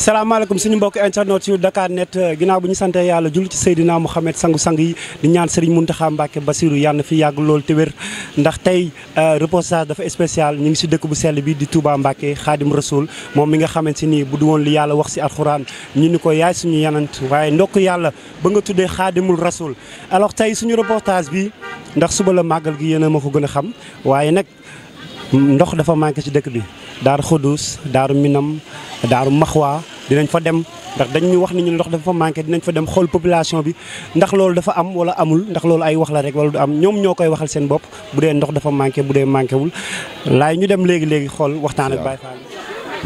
salaamaaleykum suñu mbokk internet yu Dakar net euh, ginnaaw bu ñu sante yàlla jull ci Seydina Mouhamed sangu-sang yi di ñaan Serigne Mountakha Mbacké Bassirou yàlla na fi yàgg loolu te wér ndax tey euh, reportage dafa spécial ñu ngi si dëkk bu sell bi di Touba Mbacké Khadim Rasoul moom mi nga xamante ni bu du woon li yàlla wax si alxuraan ñu ni ko yaay suñu yenant waaye ndokk yàlla ba nga tuddee Khadimul Rasoul alors tey suñu reportage bi ndax suba la màggal gi yéen a ko gën a xam waaye nag ndox dafa manqué ci dëkk bi daaru Xudus daaru Minam daaru Maxwa dinañ fa dem ndax dañ ñu wax ni ñu ndox dafa manqué dinañ fa dem xol population bi ndax loolu dafa am wala amul ndax loolu ay wax la rek wala du am ñoom ñoo koy waxal seen bopp bu dee ndox dafa manqué bu dee manqué wul laay ñu dem léegi léegi xool waxtaan ak Baye Fall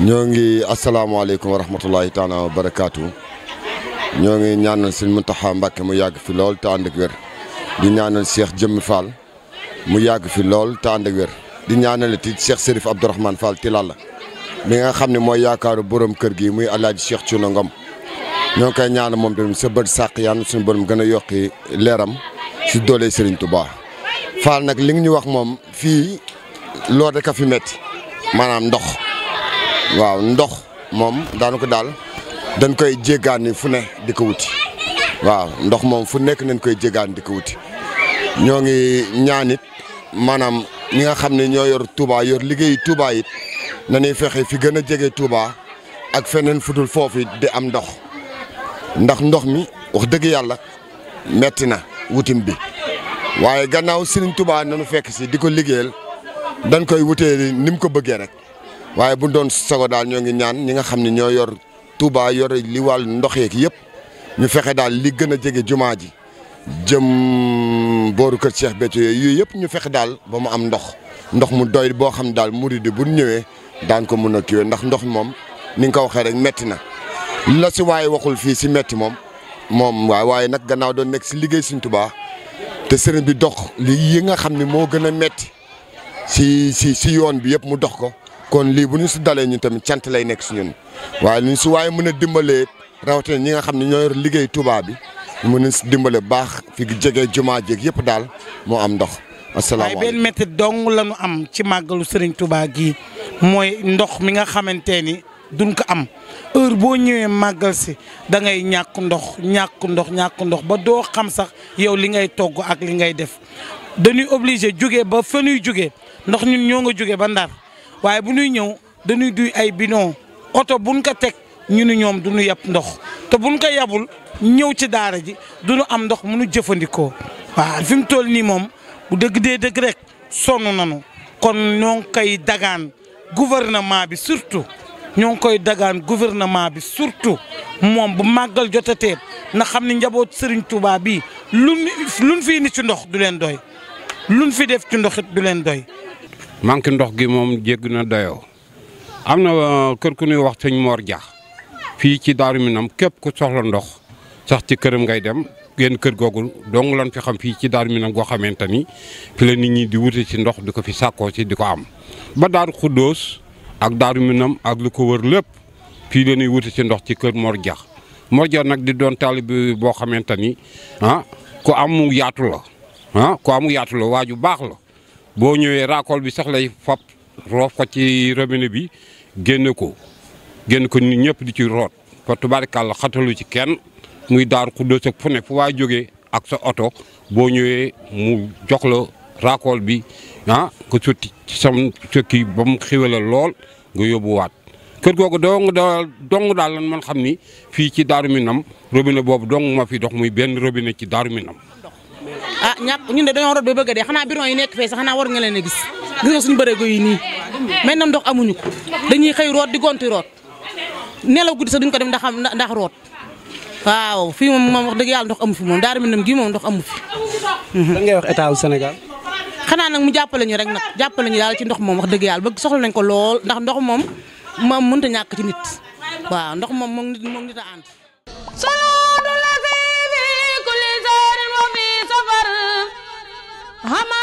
ñoo ngi asalaamaaleykum wa rahmatullahi taala wa barakaatu ñoo ngi ñaanal sëñ Muntaxa Mbàkke mu yàgg fi lool te ànd ak wér di ñaanal Cheikh Jëmm Fall mu yàgg fi lool te ànd ak wér di ñaanal ti Cheikh Serif Abdourahmane Fall Tilala mi nga xam ne mooy yaakaaru borom kër gi muy Alaaji Cheikh Thiouna Ngom ñoo koy ñaanal moom tamit sa bët sàq yaan suñu borom gën a yokki leeram si doole sëriñ Touba Fall nag li nga ñu wax moom fii loolu rek a fi métti maanaam ndox waaw ndox moom daanaka daal dañ koy jéggaani fu ne di ko wuti waaw ndox moom fu nekk nañ koy jéggaani wuti ñoo ngi ñaanit maanaam ñi nga xam ne ñoo yor tuubaa yor liggéey tuubaa it nañuy fexe fi gën a jege Touba ak feneen fudul foofu di am ndox ndax ndox mi wax dëgg yàlla metti na wutim bi waaye gannaaw Serigne Touba nanu fekk si di ko liggéeyal dañ koy wutee ni mu ko bëggee rek waaye bu doon sago daal ñoo ngi ñaan ñi nga xam ni ñoo yor Touba yor li wàllu ndox yeeg yëpp ñu fexe daal li gën a jege jumaa ji jëm booru kër Cheikh Béthio yooyu yëpp ñu fexe daal ba mu am ndox ndox mu doy boo xam daal murid bu ñëwee. daañ ko mën a kiiwee ndax ndox moom ni nga ko waxee rek metti na la si waaye waxul fii si metti moom moom waaye waaye nag gannaaw doon nekk si liggéey Sëriñ tubaa te sëriñ bi dox li yi nga xam ne moo gën a metti si si si yoon bi yëpp mu dox ko kon lii bu ñu si dalee ñu tamit cant lay nekk si ñun waaye ñu si waaye mën a dimbalee rawatina ñi nga xam ne ñoo yor liggéey Tuubaa bi mën nañ si dimbale baax fi jege jumaa jeeg yëpp daal moo am ndox. asalaamaaleykum mooy ndox mi nga xamante ni duñ ko am heure boo ñëwee màggal si da ngay ñàkk ndox ñàkk ndox ñàkk ndox ba doo xam sax yow li ngay togg ak li ngay def dañuy obligé jóge ba fa ñuy jóge ndox ñun ñoo nga jóge ba ndar waaye bu ñuy ñëw dañuy duy ay bidon oto buñ ko teg ñu ni ñoom duñu yab ndox te buñ ko yabul ñëw ci daara ji duñu am ndox mënu jëfandikoo waaw fi mu toll nii moom bu dëgg dee dëgg rek sonn nanu kon ñoo koy dagaan gouvernement bi surtout ñoo ngi koy dagaan gouvernement bi surtout moom bu màggal jotatee ndax xam ni njaboot sëriñ tubaab bii luñ luñ ni ci ndox du leen doy luñ fi def ci ndox it du leen doy. manque ndox gi moom jégg na dayoo am na euh, kër ku nuy wax sëñ Mor Dia fii ci Daaru Minam képp ku soxla ndox sax ci këram ngay dem. genn kër googul dong lan fi xam fii ci Daaru Minam goo xamante ni fi la nit ñi di wute ci ndox di ko fi sàkkoo ci di ko am ba daaru xuddoos ak daaru minam ak lu ko wër lépp fii la ñuy wuti ci ndox ci kër Mor Diakh Mor nag di doon bi boo xamante ni ah, ku amu yaatu la ah ku amu yaatu la waa ju baax la boo ñëwee raakool bi sax lay fab roof ko ci robinet bi génne ko génn ko nit ñëpp di ci root fa tubaarikàlla xatalu ci kenn muy daaru xuddoos ak fu ne fu waa jógee ak sa oto boo ñëwee mu jox la raakool bi ah nga sotti sam sa kii ba mu xiwala lool nga yóbbuwaat kër googu dong daal dong daal lan man xam ni fii ci Darou Minam robinet boobu dong ma fi dox muy benn robine ci Darou Minam. ah ñàkk ñun de dañoo rot ba bëgg a xanaa bidon yi nekk fee sax xanaa war nga leen gis gis nga suñu bëreego yi nii mais nag ndox amuñu ko dañuy xëy root di gonti root nelaw guddi sax duñ ko dem ndax ndax root waaw fii moom moom wax dëgg yàlla ndox amu fi moom Darou Minam gii moom ndox amu fi. lan ngay wax état wu Sénégal. xanaa nag mu jàppale ñu rek nag jàppale ñu daal ci ndox moom wax dëgg yàlla bëgg soxla nañ ko lool ndax ndox moom ma a ñàkk ci nit waaw ndox moom moom nit a ànd. salaatu la fi fi kulli saarin wa fi safar